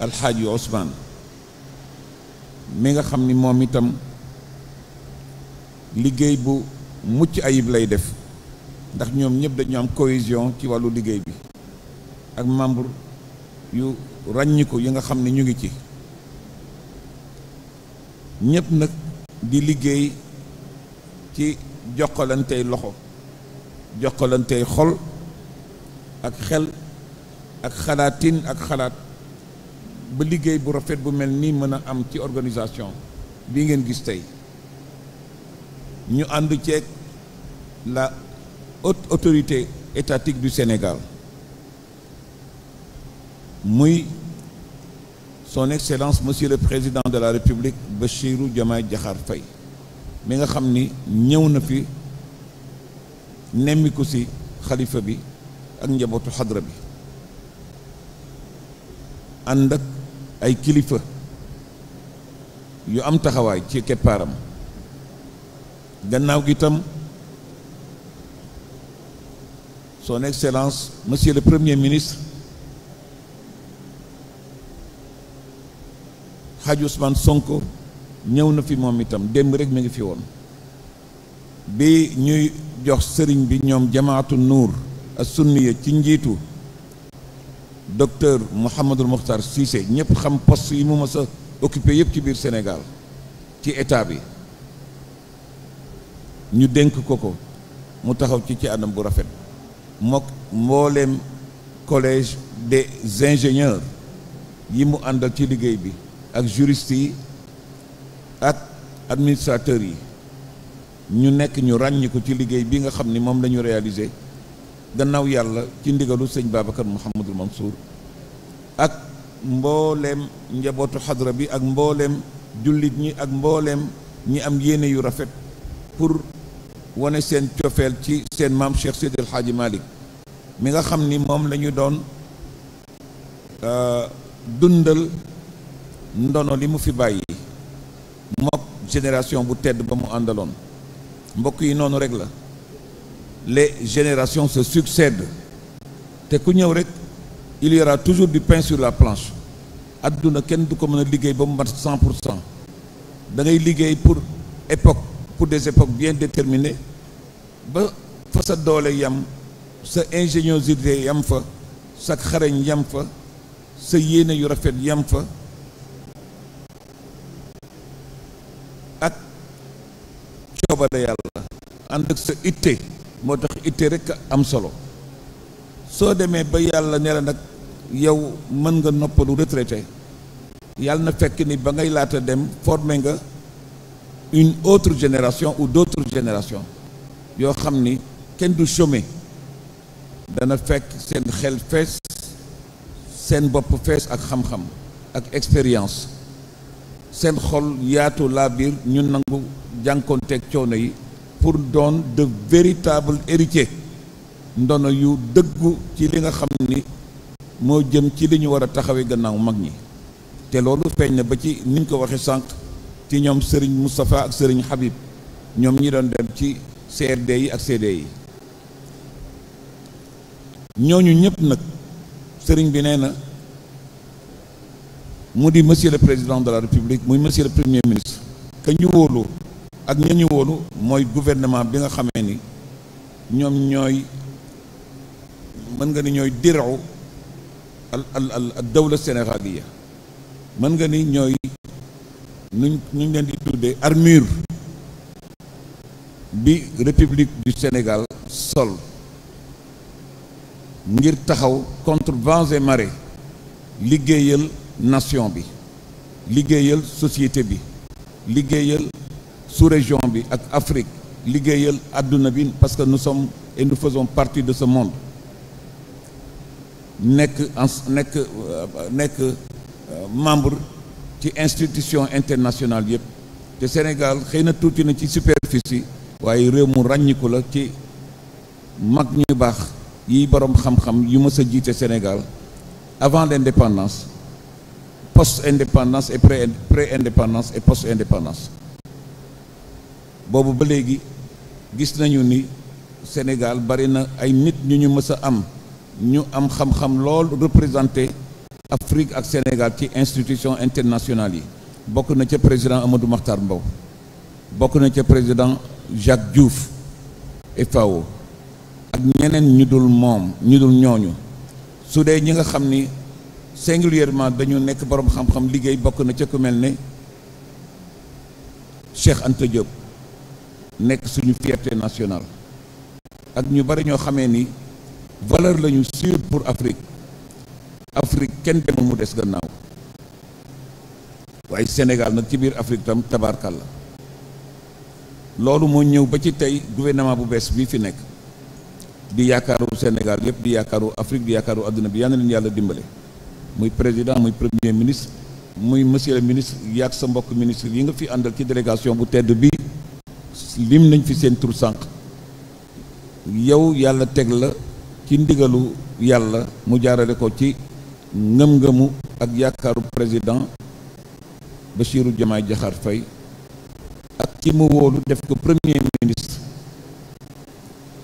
alxaaji Ousmane mi nga xam ni moom itam liggéey bu mucc ayib lay def ndax ñoom ñëpp dañu am cohésion ci wàllu liggéey bi ak membre yu ràññiku yi nga xam ni ñu ngi ci ñëpp nag di liggéey ci jokkalantey loxo jokkalantey xol ak xel ak xalaatin ak xalaat ba liggéey bu rafet bu mel nii mën a am ci organisation bii ngeen gis tey ñu ànd ceeg la haute autorité étatique du Sénégal muy son excellence monsieur le président de la république Bassirou Diomaye jaxaar Faye mi nga xam ni ñëw na fi nemmiku si xalifa bi ak njabootu xadra bi ànd ak ay kilifa yu am taxawaay ci keppaaram gannaaw gi tam son excellence monsieur le premier ministre Hadj Ousmane Sonko ñëw na fi moom itam démb rek mi ngi fi woon bi ñuy jox sëriñ bi ñoom jamaatu nuur as sunniya ci njiitu docteur Mouhamadul Mokhtar Cissé ñëpp xam post yi mu mës a occupé yëpp ci biir Sénégal ci état bi ñu dénk ko ko mu taxaw ci ci anam bu rafet mook mbooleem collège des ingénieurs yi mu àndal ci liggéey bi ak juristes yi ak administrateurs yi ñu nekk ñu ràññi ko ci liggéey bi nga xam ni moom lañu ñu gannaaw yàlla ci ndigalu sëñ Babacar Mouhamadul Mansour ak mbooleem njabootu xadra bi ak mbooleem jullit ñi ak mbooleem ñi am yéene yu rafet pour wane seen cofeel ci seen maam Cheikh Seydi El Hadji mi nga xam ni moom la doon euh, dundal ndono li mu fi bàyyi mook génération bu tedd ba mu àndaloon mbokk yi noonu rek la les générations se succèdent te ku ñëw rek il y toujours du pain sur la planche adduna kenn du ko mën a liggéey ba mu mat cent pour cent da ngay liggéey pour époque pour des époques bien déterminées ba fa sa doole yam sa ingéniosité yam fa sa xarañ yam fa sa yéene yu rafet yam fa ak coobare yàlla ànd sa itte moo tax itte rek am solo soo demee ba yàlla ne nag yow mën nga noppalu retraité yàlla na fekk ni ba ngay laata dem formé nga une autre génération ou d'autres génération yoo xam ni kenn du chômer dana fekk seen xel fees seen bopp fees ak xam-xam ak expérience seen xol yaatu laa biir ñu nangu jànkoonteeg coono yi pour doon de véritable héritier ndono yu dëggu ci li nga xam ni moo jëm ci li ñu war a taxawee gannaaw mag ñi te loolu feeñ na ba ci niñ ko waxee sànq ci ñoom sëriñ Moustapha ak Serigne Habib ñoom ñi doon dem ci CRD yi ak CD yi ñooñu ñëpp nag Serigne bi nee na mu di monsieur le président de la république muy monsieur le premier ministre que ñu ak ña ñu woonu mooy gouvernement bi nga xamee ni ñoom ñooy mën nga ni ñooy diraw al al al dawla sénégaliya mën nga ni ñooy nuñ nuñ leen di tuddee armure bi république du Sénégal sol ngir taxaw contre vents et liggéeyal nation bi liggéeyal société bi liggéeyal sous-région bi ak Afrique liggéeyal àdduna bi parce que nous sommes et nous faisons partie de ce monde nekk nekk euh, nekk euh, membre ci institution internationale yëpp te Sénégal xëy na tuuti na ci superficie waaye réew mu ràññiku la ci mag ñu baax yi boroom xam-xam yu mës a jiite Sénégal avant l'indépendance post-indépendance et pré pré-indépendance et post-indépendance boobu ba léegi gis nañu ni Sénégal bari na ay nit ñu ñu mës a am ñu am xam-xam lool représenté Afrique ak Sénégal ci institution internationale yi bokk na ca président Amadou Mahtar Mbow bokk na ca président Jacques Diouf FAO ak ñeneen ñu dul moom ñu dul ñooñu su dee ñi nga xam ni singulièrement dañu nekk boroom xam-xam liggéey bokk na ca ku mel ne Cheikh Anta Diop nekk suñu fierté national ak ñu bari ñoo xamee ni valeur lañu ñu pour Afrique Afrique kenn dema mu des gannaaw waaye Sénégal nag ci biir Afrique tam la loolu moo ñëw ba ci tey gouvernement bu bees bii fi nekk di yaakaaru Sénégal yëpp di yaakaaru Afrique di yaakaaru àdduna bi yàlla yàlla dimbale muy président muy premier ministre muy monsieur le ministre yaag sa mbokk ministre yi nga fi àndal ci délégation bu tedd bi lim nañ fi seen tur sànq yow yàlla teg la ci ndigalu yàlla mu jaarale ko ci ngëm-ngëmu ak yaakaaru président Bassirou Diomaye Diakhar Faye ak ci mu wóolu def ko premier ministre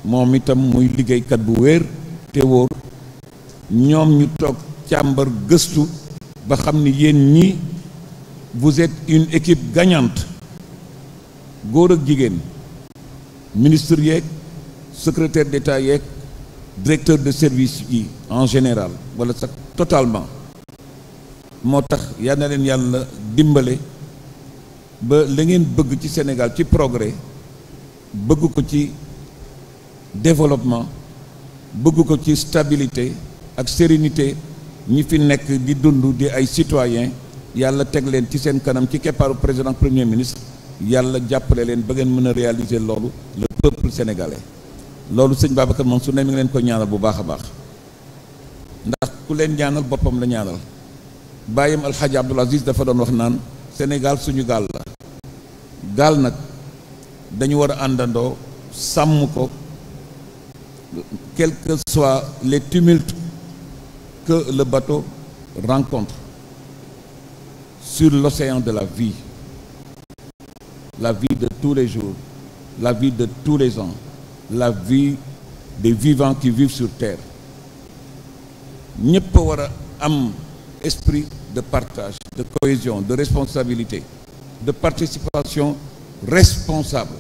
moom itam muy liggéeykat bu wéer te wóor ñoom ñu toog càmbar gëstu ba xam ni yéen ñi vous êtes une équipe gagnante góor ak jigéen ministre yeeg secrétaire d'état yeeg directeur de service yi en général wala sax totalement moo tax yal na leen yàlla dimbale ba la ngeen bëgg ci Sénégal ci progrès bëgg ko ci développement bëgg ko ci stabilité ak sérénité ñi fi nekk di dund di ay citoyens yàlla teg leen ci seen kanam ci keppaaru président premier ministre yàlla jàppale leen ba ngeen mën a réaliser loolu le peuple sénégalais loolu sëñ Babacar moom su ne mi ngi leen koy ñaanal bu baax a baax ndax ku leen ñaanal boppam la ñaanal bàyyam alxaaji Abdoul Aziz dafa doon wax naan Sénégal suñu gaal la gaal nag dañu war a àndandoo sàmm ko quels que les tumultes que le bateau rencontre sur l'océan de la vie la vie de tous les jours, la vie de tous les ans, la vie des vivants qui vivent sur terre. ñëpp a war a am esprit de partage, de cohésion, de responsabilité, de participation responsable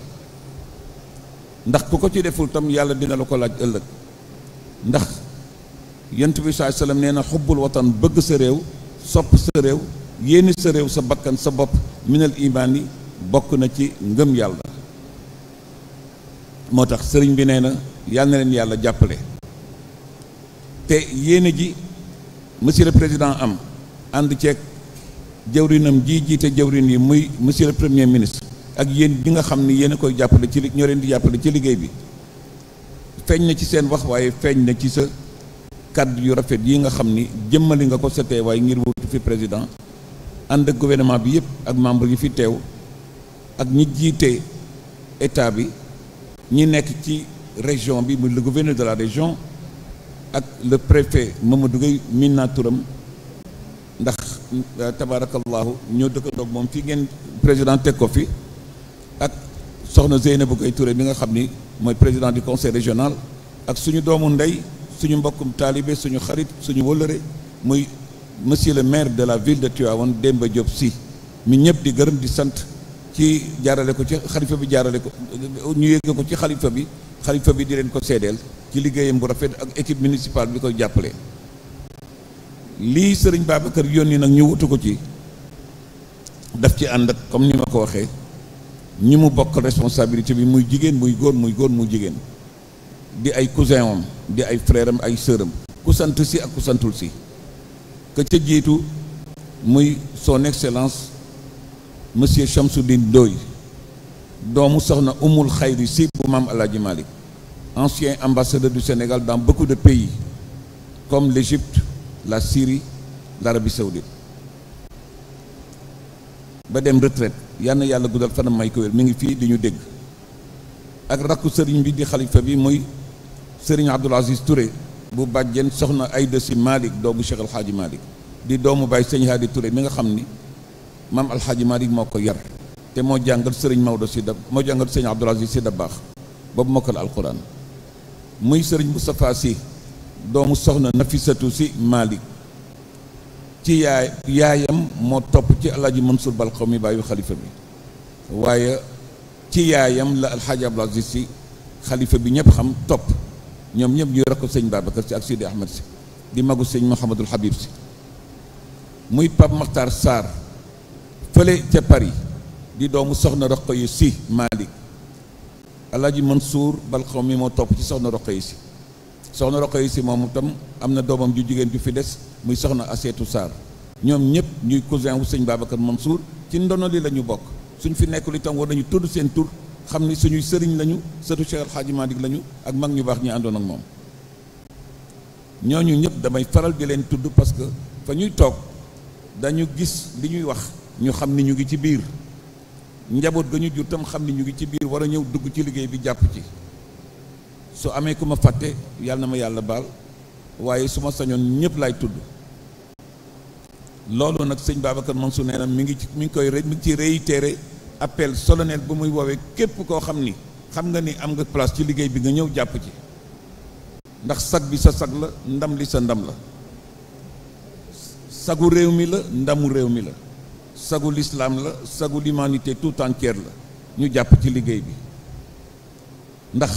ndax ku ko ci deful tam yàlla dina la ko laaj ëllëg ndax yent bi saai sallam nee na xubbul bëgg sa réew sopp sa réew sa bakkan sa bopp minal imaan yi bokk na ci ngëm yàlla moo tax sëriñ bi nee na yàlla na leen yàlla jàppale te yéene ji monsieur le président am ànd ceeg jëwrinam ji jiite jëwrin yi muy monsieur le premier ministre ak yéen ñi nga xam ni yéen a koy jàppale ci li ñoo leen di jàppale ci liggéey bi feeñ na ci seen wax waaye feeñ na ci sa kàddu yu rafet yi nga xam ni jëmmali nga ko sa waaye ngir wutu fi président ànd ak gouvernement bi yëpp ak membre yi fi teew ak ñi jiite état bi ñi nekk ci région bi le gouverneur de la région ak le préfet Mamadou ma min naa turam ndax euh, tabarakallahu ñoo dëkkandoog moom fii ngeen président teg ko fi ak soxna Zeynabou Gueye Touré bi nga xam ni mooy président du conseil régional ak suñu doomu ndey suñu mbokkum taalibe suñu xarit suñu wëllëre muy monsieur le maire de la ville de Tivaouane Demba Diop si mi ñëpp di gërëm di sant ci jaarale ko ci xalifa bi jaarale ko ñu yéege ko ci xalifa bi xalifa bi di leen ko seedeel ci liggéeyam bu rafet ak équipe municipale bi koy jàppale lii sëriñ yoon yónni nag ñu wutu ko ci daf ci ànd ak comme ni ma ko waxee ñi mu bokk responsabilité bi muy jigéen muy góor muy góor mu jigéen di ay cousin am di ay frère ay sœur am ku sant si ak ku santul si que ca jiitu muy son excellence monsieur Chamsoudine Ndoye doomu soxna Umul Khayri si bu maam Alaaji Malick ancien ambassadeur du Sénégal dans beaucoup de pays comme l'Égypte la Syrie l'Arabie Saoudite ba dem retraite yal na yàlla guddal fanam may ko wér mi ngi fii di ñu dégg ak rakku sëriñ bi di xalifa bi muy sëriñ Abdoul Aziz Touré bu bàjjen soxna Aïda Sy Malick doomu Cheikh El Hadji di doomu Baye Sëñ Hadi Touré mi nga xam ni maam alxaaji Malick moo ko yar te moo jàngal sëriñ Maodo si da moo jàngal sëriñ Abdoul Aziz si da baax boobu mokkal alquran muy sëriñ Moustapha si doomu soxna Nafisatu si Malick ci yaay yaayam moo topp ci alxaaji Mansour Balxaw mi bàyyi xalifa bi waaye ci yaayam la alxaaji Abdoul Aziz si xalifa bi ñëpp xam topp ñoom ñëpp ñuy rakk sëñ Babacar si ak Sidi Ahmed si di magu sëñ Mouhamadul Habib si muy Pape Makhtar Sarr fële ca Paris di doomu soxna roqo yu si Malick Alaaji Mansour balxam mi moo topp ci soxna roqo yu si soxna roqo yu si moom itam am na doomam ju jigéen ju fi des muy soxna Aseetu Sarr ñoom ñëpp ñuy cousin wu sëñ Babacar Mansour ci ndono li la ñu bokk suñ fi nekkul itam war nañu tudd seen tur xam ni suñuy sëriñ lañu sëtu Cheikh Alxaaji Malick lañu ak mag ñu baax ñu àndoon ak moom ñooñu ñëpp damay faral di leen tudd parce que fa ñuy toog dañu gis li ñuy wax ñu xam ni ñu ngi ci biir njaboot ga ñu jur tam xam ni ñu ngi ci biir war a ñëw dugg ci liggéey bi jàpp ci su amee ku ma fàtte yàlla na ma yàlla baal waaye su ma sañoon ñëpp laay tudd loolu nag sëñ Babacar Mansour nee na mi ngi ci mu ngi koy mi ngi ci réitéré appel solennel ba muy woowee képp koo xam ni xam nga ni am nga place ci liggéey bi nga ñëw jàpp ci ndax sag bi sa sag la ndam li sa ndam la sagu réew mi la ndamu réew mi la sagu lislaam la sagu l'humanité tout entière la ñu jàpp ci liggéey bi ndax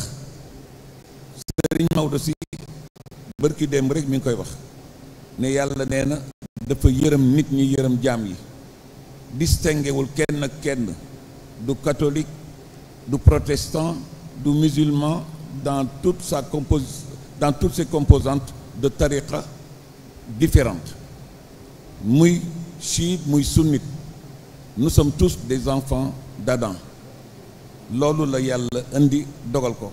Sëriñ Maodo si bërki démb rek mi ngi koy wax ne yàlla nee na dafa yërëm nit ñi yërëm jaam yi distingué kenn ak kenn du katolik du protestant du musulman dans toute sa compos dans de tariqa différentes muy chiite muy sunnite nous sommes tous des enfants d'Adam loolu la yàlla indi dogal ko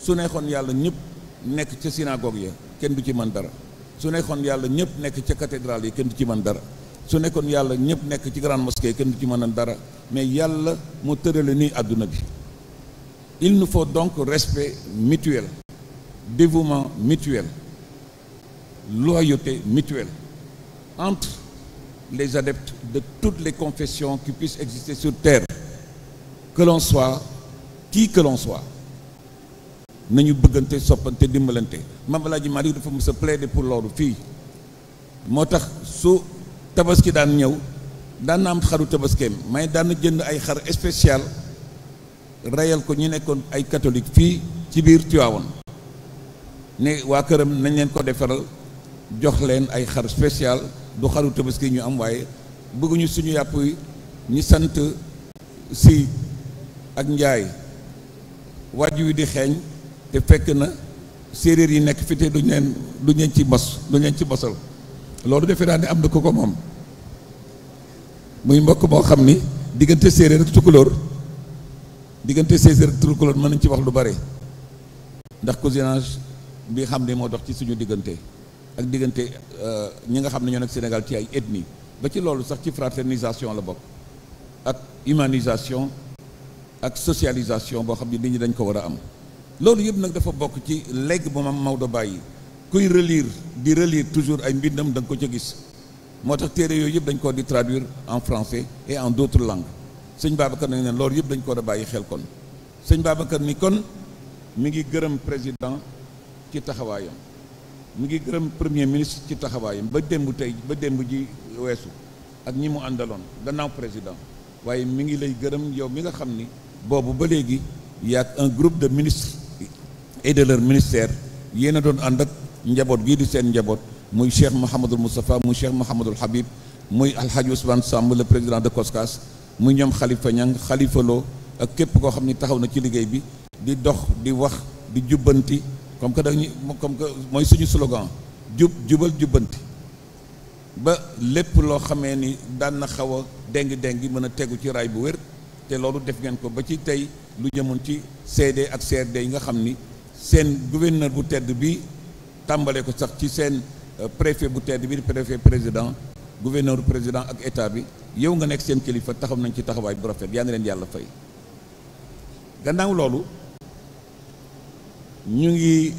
su neexoon yàlla ñëpp nekk ca synagogue ya kenn du ci mën dara su neexoon yàlla ñëpp nekk ca cathédrale yi kenn du ci mën dara su nekkoon yàlla ñëpp nekk ci grande mosquée kenn du ci mën a dara mais yàlla mu tërale nii àdduna bi il nous faut donc respect mutuel dévouement mutuel loyauté mutuelle entre les adeptes de toutes les confessions qui puissent exister sur terre que l'on kii qui que soit nañu buggante soppante dimbalante ji Alaaji Malick dafa mës a plaider pour loolu fii moo tax su tabaski daan ñëw daan na am xaru tabaskeem may daan jënd ay xar spécial reyal ko ñu nekkoon ay catholique fii ci biir Tivaouane ne waa këram nañ leen ko defaral jox leen ay xar spécial du xaru tabaski ñu am waaye bëgguñu suñu yàpp yi ñi sant si ak njaay wàjju wi di xeeñ te fekk na séeréer yi nekk fi te duñ ñeen duñ leen ci bos duñ ñeen ci bosal loolu defe naa ne am na ko ko moom muy mbokk moo xam ni diggante séeréer ak tukulóor diggante séeréer ak tukulóor mën nañ ci wax lu bare ndax cousinage bi xam ne moo dox ci suñu diggante ak diggante euh, ñi nga xam ne ñoo nekk Sénégal ci ay ethnie ba ci loolu sax ci fraternisation la bokk ak humanisation ak socialisation boo xam ne nit ñi dañ ko war a am loolu yëpp nag dafa bokk ci léegi bu ma Maodo bàyyi kuy relire di relire toujours ay mbindam da nga ko ca gis moo tax téere yooyu yëpp dañ ko di traduire en français et en d'autres langues sëñ Babacar nañ ne loolu yëpp dañ ko war a bàyyi xel kon sëñ Babacar ni kon mi ngi gërëm président ci taxawaayam mi ngi gërëm premier ministre ci taxawaayam ba démb tey ba démb ji weesu ak ñi mu àndaloon gannaaw président waaye mi ngi lay gërëm yow mi nga xam ni boobu ba léegi yaa un groupe de ministre et de ministère yéen a doon ànd ak njaboot gii di seen njaboot muy Cheikh Mouhamadul Moustapha muy Cheikh Mouhamadul Habib muy Alhaji Ousmane Samb le président de COSCAS muy ñoom xalifa Niang Khalifa Lo ak képp koo xam ni taxaw na ci liggéey bi di dox di wax di jubbanti comme que dañuy comme que mooy suñu slogan jub jubal jubbanti ba lépp loo xamee ni daan na xaw a déng gi mën a tegu ci raay bu wér te loolu def ngeen ko ba ci tey lu jëmoon ci CD ak CRD yi nga xam ni seen gouverneur bu tedd bi tàmbale ko sax ci seen euh, préfet bu tedd bi préfet président gouverneur président ak état bi yow nga nekk seen kilifa taxaw nañ ci taxawaay bu rafet yaa ngi leen yàlla fay gannaaw loolu ñu ngi